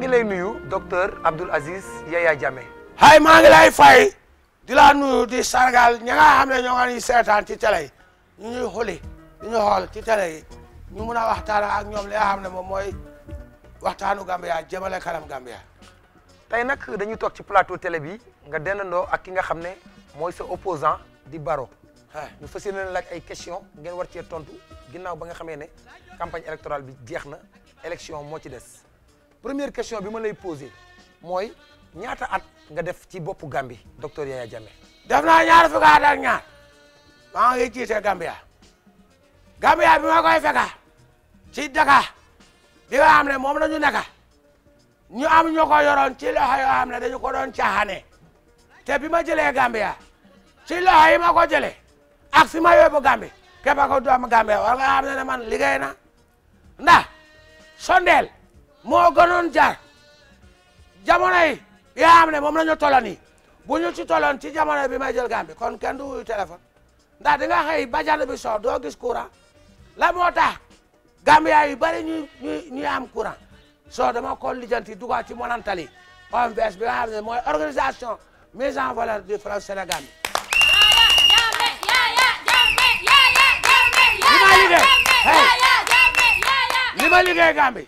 ngi lay nuyu docteur Abdoul Aziz Yaya Jammeh. hay maa ngi lay fay di laa nuyu di sargal ñi nga xam ne ñoo ngi ñuy seetaan ci télé yi ñu ñuy xuli di ñu xool ci télé yi ñu mun a waxtaan ak ñoom li nga xam ne moom mooy waxtaanu Gambia jëmale kanam Gambia. tey nag dañuy toog ci plateau télé bi nga dendandoo ak ki nga xam ne mooy sa opposant di Baro. ñu fas yéene ay question ngeen war cee tontu ginnaaw ba nga xamee ne campagne électorale bi jeex na élection moo ci des. première question bi ma lay posé mooy ñaata at nga def ci boppu gambi docteur Yaya Jammeh. def naa ñaar fukki at ak ñaar maa ngi jiite Gambia Gambia bi ma koy fekka ci Dakar bi nga xam ne moom la ñu nekka ñu am ñu ko yoroon ci loxo yoo xam ne dañu ko doon caaxaane te bi ma jëlee Gambia ci loxo yi ma ko jëlee ak si ma yóbbu Gambie képp ko doomu Gambia war nga xam ne man liggéey na ndax sondeel moo gënoon jar jamono yi yaa xam ne moom la ñu tolloon yi bu ñu ci tolloon ci jamono bi may jël Gàmbi kon kenn du wuyu téléphone ndax di nga xëy ba jant bi soo doo gis courant la moo tax Gambia yu bëri ñu ñu ñuy am courant soo dama ko lijjanti dugal ci monantali OMVS bi nga xam ne mooy organisation mise en valeur du franc Sénégal li ma liggéey li ma liggéey Gambie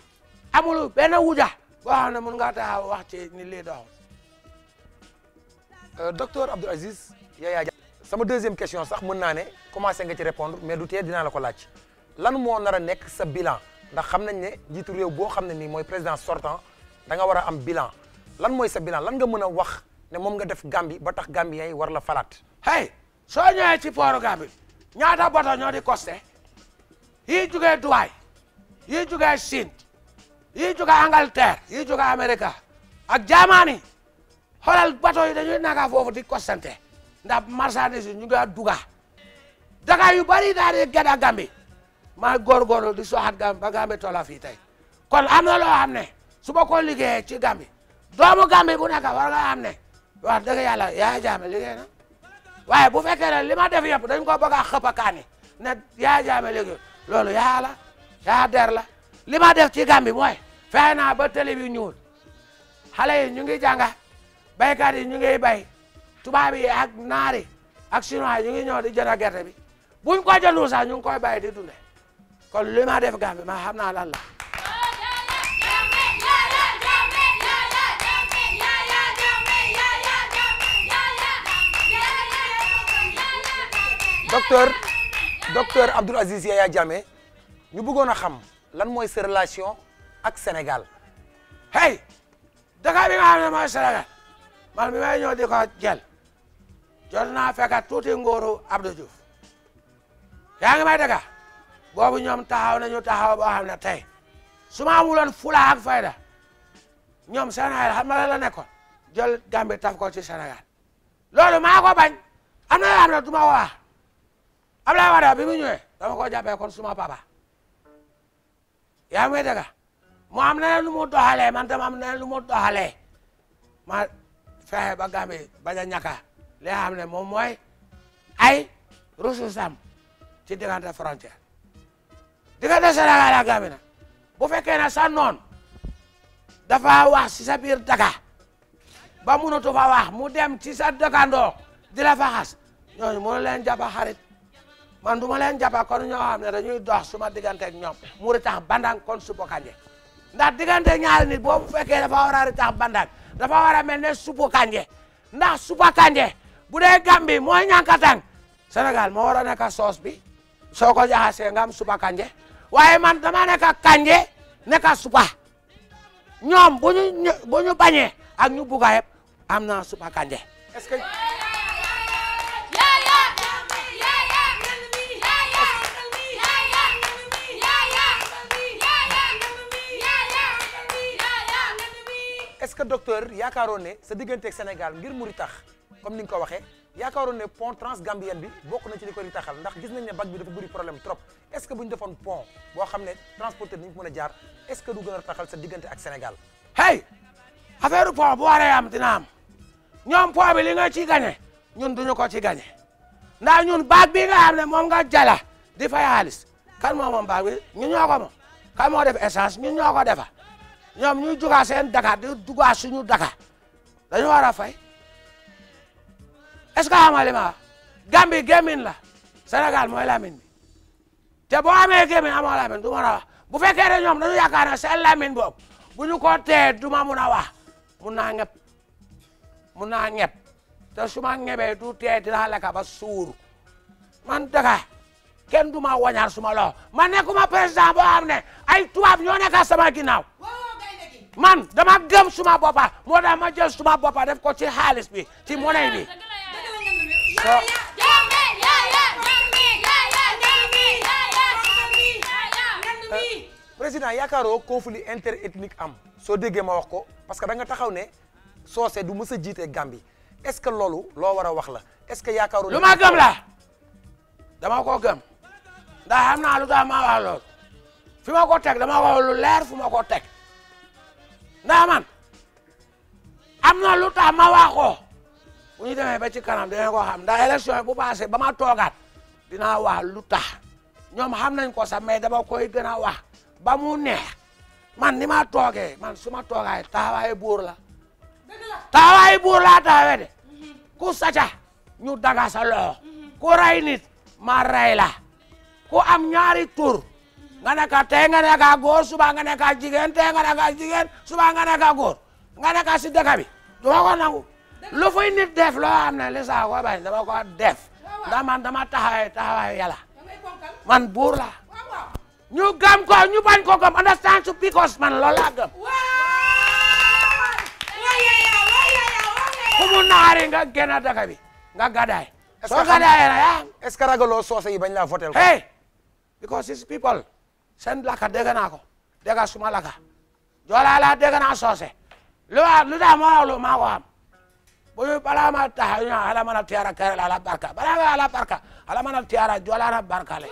amul benn wuja boo xam ne mun ngaa taxaw wax ci ni lii doxul. Euh, docteur Abdou Aziz Yaya sama deuxième question sax mën naa ne commencé nga ci répondre mais du tee dinaa la ko laaj lan moo nar a nekk sa bilan ndax xam nañ ne jiitu réew boo xam ne nii mooy président sortant da nga war a am bilan lan mooy sa bilan lan nga mën a wax ne moom nga def Gambie ba tax Gambien yi war la falaat. hey soo ñëwee ci port Gambie ñoo di costé yii jugee Dubaï yii yii jóge Angleterre yii jóge Amérique ak jaamaani xoolal bato yi dañuy naka foofu di costante ndax marchandise yi ñu ngi duga daga yu bari daa di gada gambi maa góorgóorlu di soxat gambi ba gambi tola fii tey kon am na loo xam ne su ko liggéeyee ci gambi doomu gambi bu nekk war nga xam ne wax dëgg yàlla yaaya jaame liggéey na waaye bu fekkee ne li ma def yëpp dañ ko bëgg a xëpp kaani ne yaaya jaame liggéey loolu yaaya la yaaya der la li def ci Gàmbi mooy fexe naa ba télé bi ñuul xale yi ñu ngi jànga béykat yi ñu ngi bay tubaab yi ak naar yi ak chinois yi ñu ngi ñëw di gerte bi buñ ko jëndul sax ñu ngi koy bay di dunde kon li def Gàmbi ma xam naa lan la docteur docteur Abdoul Aziz Yaya Jammeh ñu bëggoon a xam lan moy sa relation ak Sénégal. hey dëkk bi nga xam ne mooy Sénégal man bi may ñoo di ko jël jot naa fekkat tuuti ngóoru Abdou Diouf ya nga may daga bobu ñom taxaw nañu taxaw boo xam tay suma su ma fula ak fayda ñom Sénégal xam na la nekkon jël Gambie taf ko ci Sénégal lolu maa ko bañ amna amna duma bi mu dama ko jappé kon suma papa. Ya me daga mo am na lu mo doxale man dama am na lu mo doxale ma fexé ba gamé ba da ñaka li nga xam ne ay ressources sam, ci diggante frontière da Sénégal ak Gàmbi nag bu fekkee na sa noon dafa wax ci sa bir daga ba to fa wax mu dem ci sa dëkkandoo dila fa xass ñoo mo leen jaba xarit man du len jappa kon ñoo xam ne dañuy dox suma digante ak ñoom mu bandang kon su bokanje ndax digante ñaari nit bu fekke dafa wara a bandang dafa wara melne su ne ndax su bokanje bu de gambi moy ñankatang senegal mo wara nek nekk bi soko jaxase ngam nga am suppo man dama nekk kanje nekk suppo ñoom bu buñu bu ak ñu amna am bokanje est-ce que est-ce que docteur Yakaroné, se sa Sénégal ngir Muritach, comme ko pont transgambienne bi bokk na ci li ko problème trop est-ce que vous un pont pour xam nous transporteur est-ce que vous gën à sa Sénégal. hey pont bu waree am dina Nous avons pont bi li nga ci gagné ñun duñu ko ci Nous Nous ñun bac bi nga nga jala di nous kan nous ñoom ñuy jugaa seen Dakar di jugaa suñu Dakar dañu war a fay est-ce que xamali ma Gambie gémmiñ la senegal mooy làmmiñ bi te boo amee gémmiñ amoo làmmiñ du mën a wax bu fekkee ne ñoom dañu yaakaar ne seen làmmiñ boobu bu ñu ko tee du ma mun a wax mun naa ñëpp mun naa te su ma ñëbee du tee dinaa lekk ba suur man Dakar kenn du ma wañaar su ma loxo man nekkuma président boo ne ay tubaab ñoo nekk sama ginnaaw man dama gëm suma boppa moo tax ma jël suma boppa def ko ci xaalis bi ci money bi président yaakaaroo conflit interethnique am soo déggee ma wax ko parce que da nga taxaw ne soose du mës a jiite Gambie est-ce que loolu loo war a wax la est-ce que yaakaaroo lu ma gëm la dama ko gëm ndax xam naa lu tax ma wax fi ma ko teg dama wax lu leer fu ma ko teg ndaa am na lu tax ma waaxoo bu ñu demee ba ci kanam dinañ ko xam ndax élection yi bu passé ba ma toogaat dinaa wax lu tax ñoom xam nañ ko sax mais dama ko gën a wax ba mu neex man ni ma tooge man suma ma toogaay taawaayu buur la taawaayu buur laa taawee de ku saca ñu daga sa loxo ku rey ma rey ku am ñaari tur ngana ka tenga na ka go suba ngana ka jigen tenga na ka jigen suba ngana ka go ngana ka sidda ka bi do ko nangu lo fuy nit def lo am na li saa ko bañ dama ko def da man dama taxawee taxawee yàlla man e, e buur la ñu gam ko ñu bañ ko gam understand to because man loolu laa gëm ku mu naari nga da ka bi nga gadaay e. so gadaayee na ya est-ce que ragaloo soose yi bañ laa votel hey because these people seen làkk dégg ko dégg suma lu ma lu daa ma am bu ñu balaa ma tax ñu ala mana tiara kare ala barka balaa ma ala barka ala mana tiara joolaa na barka le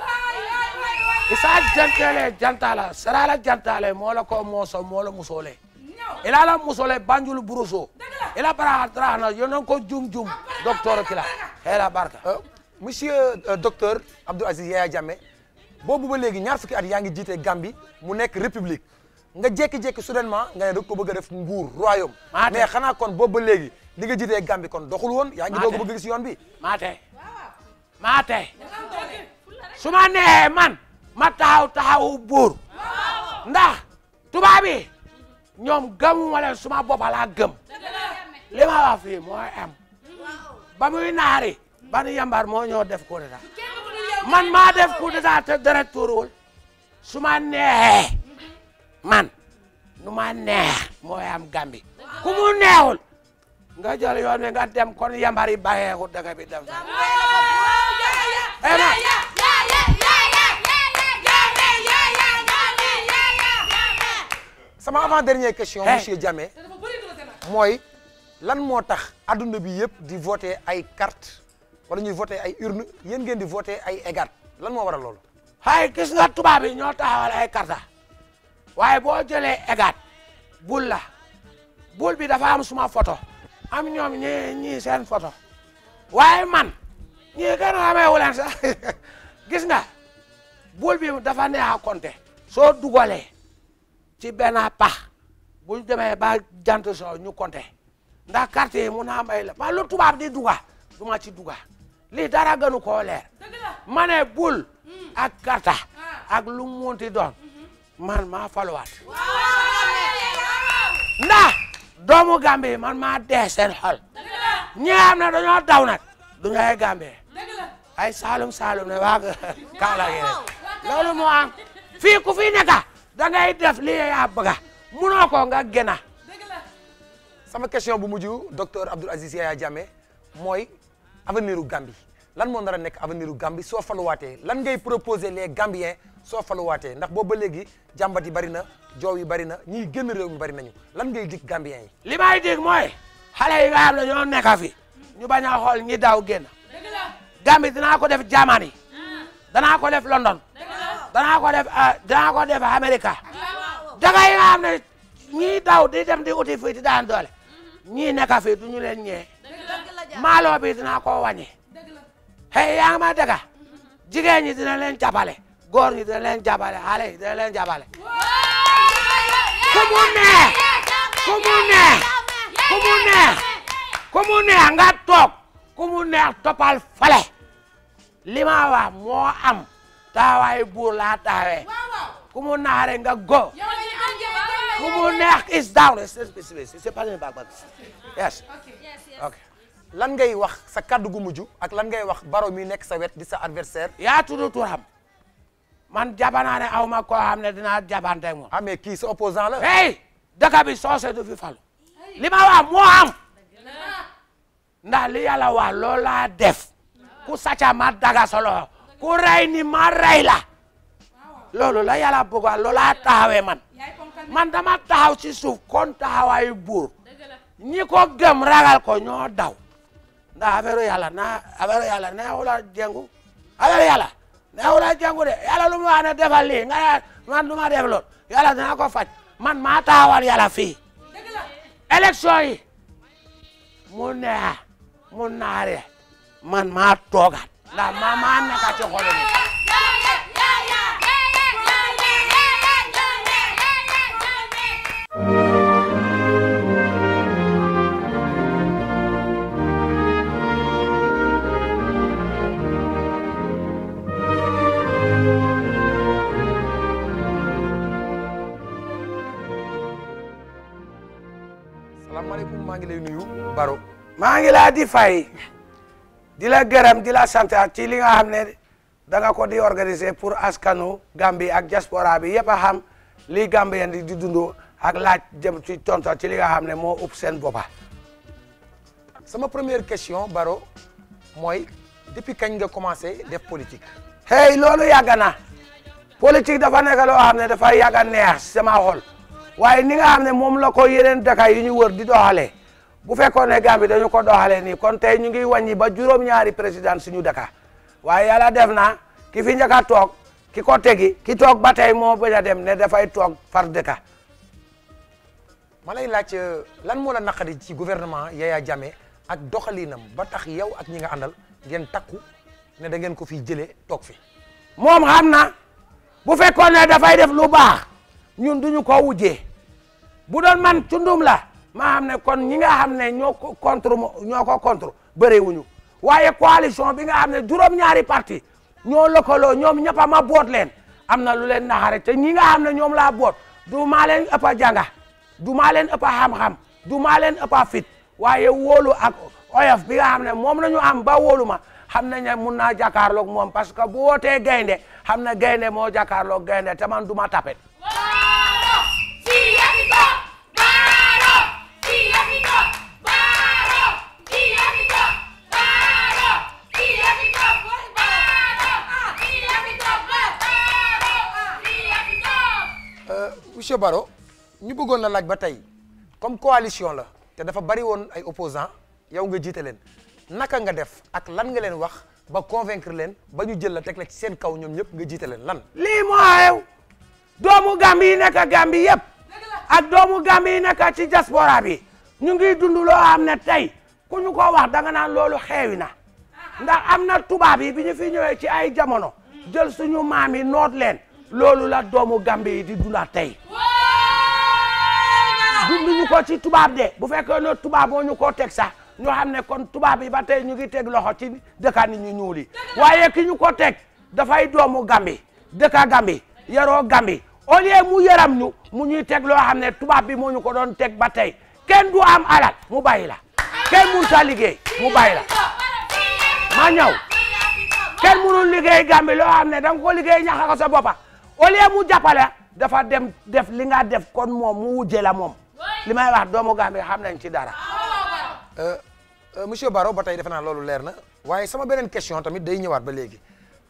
isa jantele jantala serala jantale moo ko mooso moo musole ila la musole banjul buruso ila bara trahna yonon ko jum jum docteur kila hela barka euh, monsieur euh, docteur Abdou Aziz Yaya Jammeh Bobo ba legi ñaar fukki at yaangi jité gambi mu nek république nga jéki jéki soudainement nga ne da ko bëgg def nguur royaume mais xana kon boobu ba legi li nga jité gambi kon doxul won yaangi ngi bëgg ci yoon bi maté maté suma né man ma taw taw bur ndax tuba Nyom ñom gamu wala suma bop ala gem lima wa fi mo am ba muy naari yambar mo ñoo def ko dara man maa def coup d'état te dara su ma neexee man nu ma neex mooy am gambi ku mu neexul nga jël yoon nga dem kon yambar yi baxeeku bi dem sama avant dernière question eh. monsieur Jammeh mooy lan moo tax adduna bi yëpp di voter ay carte wala ñuy voté ay urne yéen ngeen di voté ay EGAT lan moo waral loolu. xay gis nga tubaab yi ñoo taxawal ay karta waaye boo jëlee EGAT bul la bul bi dafa am suma photo am ñoom ñii seen foto waaye man ñii kenn xamee wu leen sax gis nga bul bi dafa neex a compter soo dugale ci benn pax bu ñu demee ba jant soo ñu compter ndax carte yi mun naa am ay la man lu tubaab di duga du ma ci duga lii dara gënu koo leer ma ne bul hmm. ak karta ah. ak lu munti doon mm-hmm. man maa faluwaat ndax doomu Gambie man maa dee seen xol am na dañoo daw nag duñu ay Gambie ay Saalum Saalum ne waa Kaala gi rek loolu moo am fii ku fi nekk da ngay def li yaa bëgga munoo ko nga gëna sama question bu mujj docteur Abdoul Aziz Yaya Jammeh mooy avenir u Gambie lan moo nar nekk avenir u Gambie soo faluwaatee lan ngay proposer les Gambiens soo faluwaatee ndax boobu ba léegi jàmbat yi bari na joow yi bari na ñiy génn réew mi bari nañu lan ngay dig Gambiens yi. li may dig mooy xale yi nga xam ne ñoo nekk fi ñu bañ a xool ñi daaw génn. Gambie dinaa ko def Germany ah. danaa ko def London danaa ko def ah, danaa ko def America ah, daga yi nga xam ne ñii daw di dem di uti fii di daan doole mm-hmm. ñii nekk fii du ñu leen ñee maaloo bi dinaa koo wàññi xëy yaa ngi ma dëgga jigéen ñi dina leen jàppale góor ñi dina leen jàppale xale yi dina leen jàppale ku mu neex ku mu neex fale li ma moo am taawaayu buur laa taawee ku mu naxare nga go ku mu neex is down is is is is is is is is is lan ngay wax sa kaddu gu ak lan ngay wax baro mi nekk sa wet di sa adversaire yaa tudd turam man jabanaa ne aw ma koo xam ne dinaa jabanteeg moom ah mais kii sa opposant la hey dëkk bi soose du fi falu li ma wax moo am ndax li yàlla wax def ku sàcca ma daga solo ku rey ni ma rey la loolu la yàlla bëgga loolaa taxawee man man dama taxaw ci suuf kon taxawaayu buur ñi ko gëm ragal ko ñoo daw ndax affaire yàlla na affaire yàlla neexula jengu affaire yàlla neexula jengu de yàlla lu mu wax lii nga ya man lu ma def lool yàlla ko faj man maa taxawal yàlla fii élection yi mu neex mu naare man maa toogaat ndax maa maa nekk ci xolu laa di fay di la gërëm di la sant ci li nga xam ne ko di organiser pour askanu Gambie ak diaspora bi yëpp a xam li Gambien di dundoo ak laaj jëm ci tontu ci li nga xam ne moo ëpp seen boppa sama première question Baro mooy depuis kañ nga commencé def politique. hey loolu yàgg na politique dafa nekk loo xam ne dafa yàgg a sama xol waaye ni nga xam ne moom la ko yeneen daka yi ñu wër di doxalee. bu fekkone gambi dañu ko doxale ni kon tay ñu ngi wañi ba juróom-ñaari président suñu dakar waye yalla def na ki fi ñaka tok ki ko teggi ki tok batay mo moo dem ne dafay toog far dakar malay lacc lan mo la nakari ci gouvernement Yaya jame ak doxalinam ba tax yow ak ñi nga andal ngeen takku ne da ngeen ko fi jëlee tok fi. mom xamna na bu fekkone da fay def lu baax ñun duñu ko wujé bu doon man tundum la. maa xam ne kon ñi nga xam ne ñoo ko contre ñoo ko contre bëree wuñu waaye coalition bi nga xam ne juróom-ñaari parti ñoo lëkkaloo ñoom ñëpp ma boot leen am na lu leen naxare te ñi nga xam ne ñoom laa boot du maa leen ëpp a jànga du maa leen ëpp a xam du maa leen ëpp a fit waaye wóolu ak oyof bi nga xam ne moom nañu am ba wóolu ma xam nañ ne mun naa jàkkaarloog moom parce que bu wootee gaynde xam na gaynde moo jàkkaarloog gaynde te man ma tapet monsieur Baro ñu bëggoon la laaj ba tey comme coalition la te dafa bari woon ay opposants yow nga jiite leen naka nga def ak lan nga leen wax ba convaincre leen ba ñu jël la teg la seen kaw ñoom ñëpp nga jiitaleen leen lan. lii moo xew doomu Gambie yi nekk Gambie yëpp ak doomu Gambie yi nekk ci diaspora bi ñu ngi dund loo am ne tey ku ñu ko wax danga naan loolu xewi na ndax am na tubaab yi bi ñu fi ñëwee ci ay jamono jël suñu maam yi noot leen loolu la doomu Gambie yi di dula tey. binduñu ko ci tubaab de bu fekkee ne tubaab moo ñu koo teg sax ñu xam ne kon tubaab bi ba tey ñu ngi teg loxo ci dëkka nit ñu ñuul yi waaye ki ñu ko teg dafay doomu Gambi dëkka Gambi yaroo Gambi au lieu mu yaram ñu mu ñuy teg loo xam ne tubaab bi moo ñu ko doon teg ba tey kenn du am alal mu bàyyi la kenn sa liggéey mu bàyyi la ma ñëw kenn mënul liggéey Gambi loo xam ne da nga ko liggéey ñaxa ko sa boppa au lieu mu jàppale dafa dem def li nga def kon moom mu wujje la moom li may wax doomu Gàmbi xam nañ ci dara. Euh, euh, monsieur Baro ba tey defe naa loolu leer na waaye sama beneen question tamit day ñëwaat ba léegi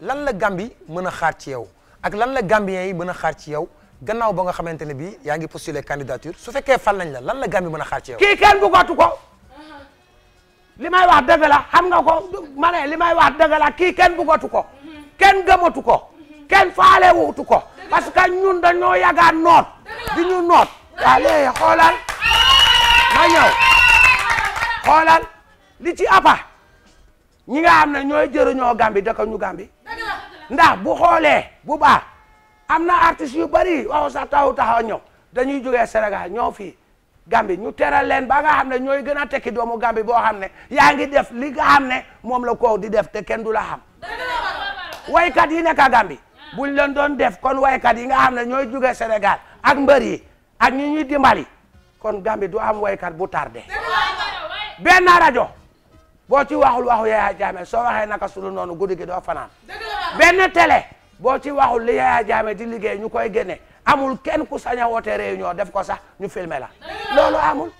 lan la Gàmbi mën a xaar ci yow ak lan la Gàmbiens yi mën a xaar ci yow gannaaw ba nga xamante ne bii yaa ngi postuler candidature su fekkee fal nañ la lan la Gàmbi mën a xaar ci yow. kii kenn bu gàttu ko li may wax nga ko ma ne li may wax kii kenn bu gàttu ko kenn gëmatu ko kenn faale wuutu ko parce que ñun dañoo waa léegi xoolal ma ñëw xoolal li ci apa ñi nga am ne ñooy jëriñoo Gambie dëkk ñu Gambie ndax bu xoolee bu baax am na artistes yu bari waxu sax taw taxaw ñëw dañuy jógee senegal ñëw fii Gambie ñu teral leen ba nga xam ne ñooy gën a tekki doomu Gambie boo xam ne yaa ngi def li nga xam ne moom la ko di def te kenn du la xam waykat yi nekk a Gambie bu leen doon def kon waykat yi nga xam ne ñooy jógee senegal ak mbër yi ak ñi ñu dimbali kon Gambie du am waykat bu tardé benn rajo boo ci waxul waxu Yaya Jammeh soo waxee naka sulu noonu guddi gi doo fanaan benn tele boo ci waxul li Yaya Jammeh di liggéey ñu koy génne amul kenn ku sañ a woote réunion def ko sax ñu filmer la loolu amul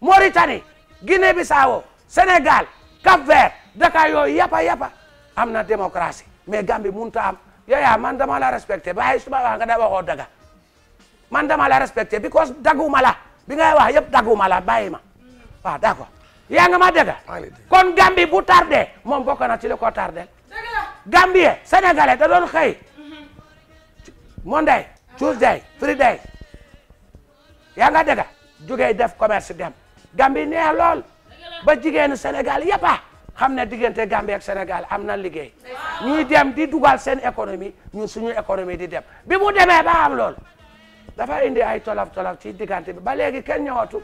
Mauritanie Guinée Bissau Sénégal Cap-Vert Dakar yooyu yapa yapa am na démocratie mais Gambie mënut a am Yaya man dama la respecté bàyyi suma wax nga da waxoo daga man dama la respecté because dagu la bi ngay ya, wax yeb dagguma la bayima wa waaw d'accord yaa nga ma dega kon Gambie bu tardé mom bokana na ci liko tardé Gambie sénégalais da doon xey Monday Tuesday Friday Yang nga dega Juga def commerce dem Gambie né ya, lol ba jigéenu Sénégal yëpp ah. xam ne diggante Gambie ak Sénégal amna na liggéey dem di dubal sen économie ñun suñu économie di dem bi mu démé ba am lol dafa indi ay tolof tolof ci diggante bi ba léegi kenn ñëwatu.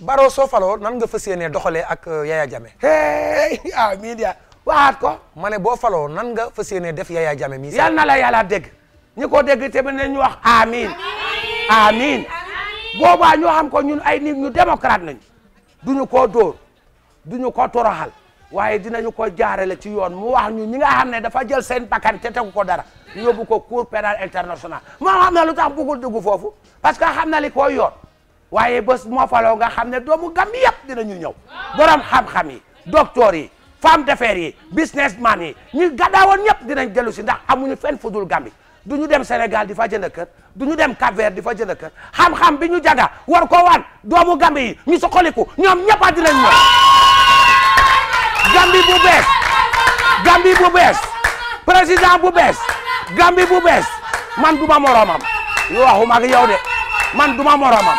Baro soo faloo nan nga fas yéenee doxalee ak euh, Yaya Jammeh. hey ah mii di ah. ko. ma ne boo faloo nan nga fas yéenee def Yaya Jammeh mii. yal na la yàlla dégg ñi ko dégg tamit nañu wax amiin amiin boobaa ñu ko ñun ay nit ñu démocrate nañu duñu ko dóor duñu ko toroxal waaye dinañu ko jaarale ci yoon mu wax ñu ñi nga xam ne dafa jël seen bakkan te tegu ko dara. yobu ko cour pénal international mo xamna na lu tax bëggul dugg foofu parce que xamna na li koy yoon waaye bés moo faloo nga xam ne doomu Gàmbi yëpp dinañu ñëw borom xam-xam yi docteur yi femme d'affaires yi businessman yi ñu gadawon ñëpp dinañ dellu ci ndax amuñu fenn fudul Gàmbi duñu dem Sénégal di fa jënd kër duñu dem Cap-Vert di fa jënd kër xam-xam biñu jaga war ko wan doomu gambi yi ñu soxaliku ñom ñëpp a dinañ ñëw bu bes gambi bu bes président bu bes Gambie bu man duma moromam waxuma ak yow de man duma moromam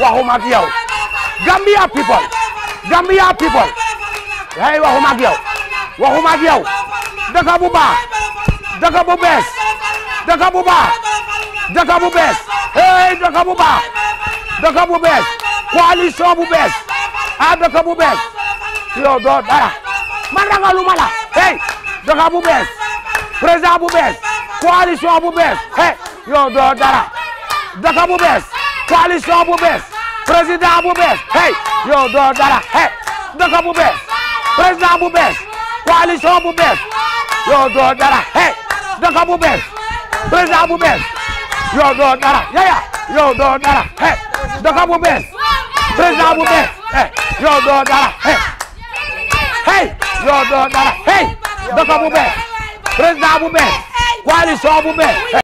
waxuma ak yow Gambia people Gambia people hey waxuma ak yow waxuma ak yow dëkk bu baax dëkk bu bees dëkk bu hey dëkk bu baax dëkk bu bees a ah, dëkk bu yow doo dara man ragaluma la hey dëkk bu président bu bees coalition bu bees he yow doo dara daka bu bees président bu bees yow doo dara yaya yow doo dara he daka bu bees Presidente é o Coalizão Abubé!